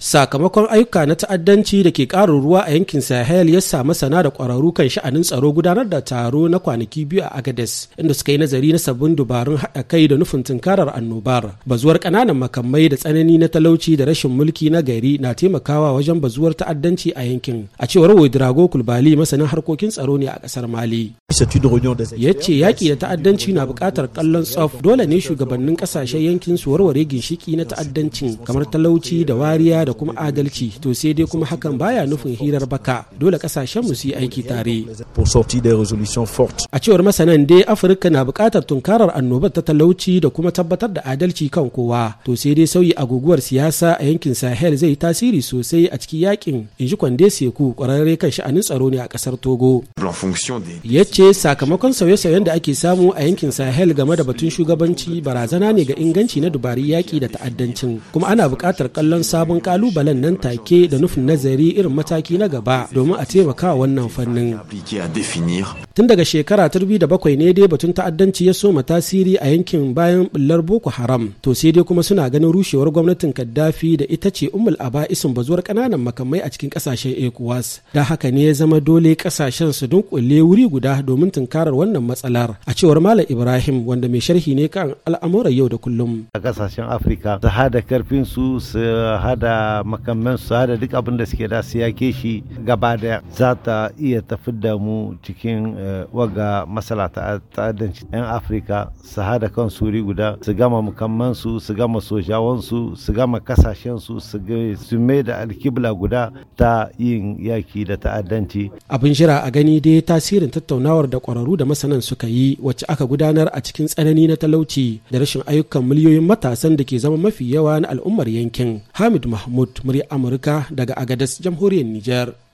sakamakon ayyuka na ta'addanci da ke ƙarin ruwa a yankin sahel ya sa masana da ƙwararru kan sha'anin tsaro gudanar da taro na kwanaki biyu a agades inda suka yi nazari na sabbin dubarun haɗa kai da nufin tunkarar annobar bazuwar ƙananan makamai da tsanani na talauci da rashin mulki na gari na taimakawa wajen bazuwar ta'addanci a yankin a cewar wadirago kulbali masanin harkokin tsaro ne a ƙasar mali ya ce yaƙi da ta'addanci na buƙatar kallon tsof dole ne shugabannin ƙasashen yankin su warware ginshiƙi na ta'addancin kamar talauci da wariya da kuma adalci to sai dai kuma hakan baya nufin hirar baka dole kasashen mu su yi aiki tare a cewar masanan dai afirka na bukatar tunkarar annobar ta talauci da kuma tabbatar da adalci kan kowa to sai dai sauyi a siyasa a yankin sahel zai tasiri sosai a cikin yakin in ji kwande seku kwararre kan sha'anin tsaro ne a kasar togo ya sakamakon sauye-sauyen da ake samu a yankin sahel game da batun shugabanci barazana ne ga inganci na dubari yaki da ta'addancin kuma ana bukatar kallon sabon kalu kalubalen nan take da nufin nazari irin mataki na gaba domin a taimaka wannan fannin. tun daga shekara ta da bakwai ne dai batun ta'addanci ya soma tasiri a yankin bayan bullar boko haram to sai dai kuma suna ganin rushewar gwamnatin kaddafi da ita ce umul aba isun bazuwar kananan makamai a cikin kasashen ecowas da haka ne ya zama dole kasashen su dunkule wuri guda domin tunkarar wannan matsalar a cewar malam ibrahim wanda mai sharhi ne kan al'amuran yau da kullum a kasashen afirka su hada karfin su su hada makamman su hada duk abin da suke da su yake shi gaba da za ta iya tafi da mu cikin eh, Eh, waga matsala ta ta'addanci 'yan afirka su hada kan suri guda su gama mukamman su su gama sojawan su gama kasashen su mai da alkibla guda ta yin yaki da ta'addanci abin shira a gani dai tasirin tattaunawar da kwararru da masanan suka yi wacce aka gudanar a cikin tsanani na talauci da rashin ayyukan miliyoyin matasan da ke zama mafi yawa na al'ummar yankin hamid mahmud murya amurka daga agadas jamhuriyar niger